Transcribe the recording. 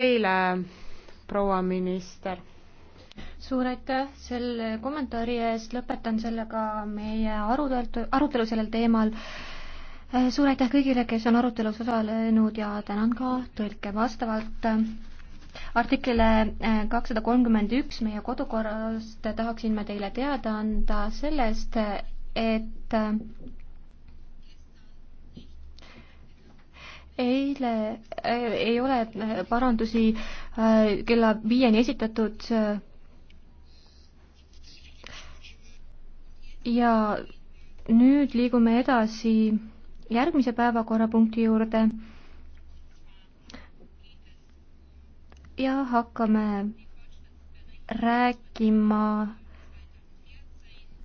teile, proua minister. suur aitäh selle kommentaari eest, lõpetan sellega meie arutelu, arutelu sellel teemal. suur aitäh kõigile, kes on arutelus osalenud ja tänan ka tõlke vastavalt äh, artiklile äh, kakssada kolmkümmend üks meie kodukorrast tahaksin ma teile teada anda sellest, et äh, eile äh, ei ole eh, parandusi äh, kella viieni esitatud äh, ja nüüd liigume edasi järgmise päevakorrapunkti juurde ja hakkame rääkima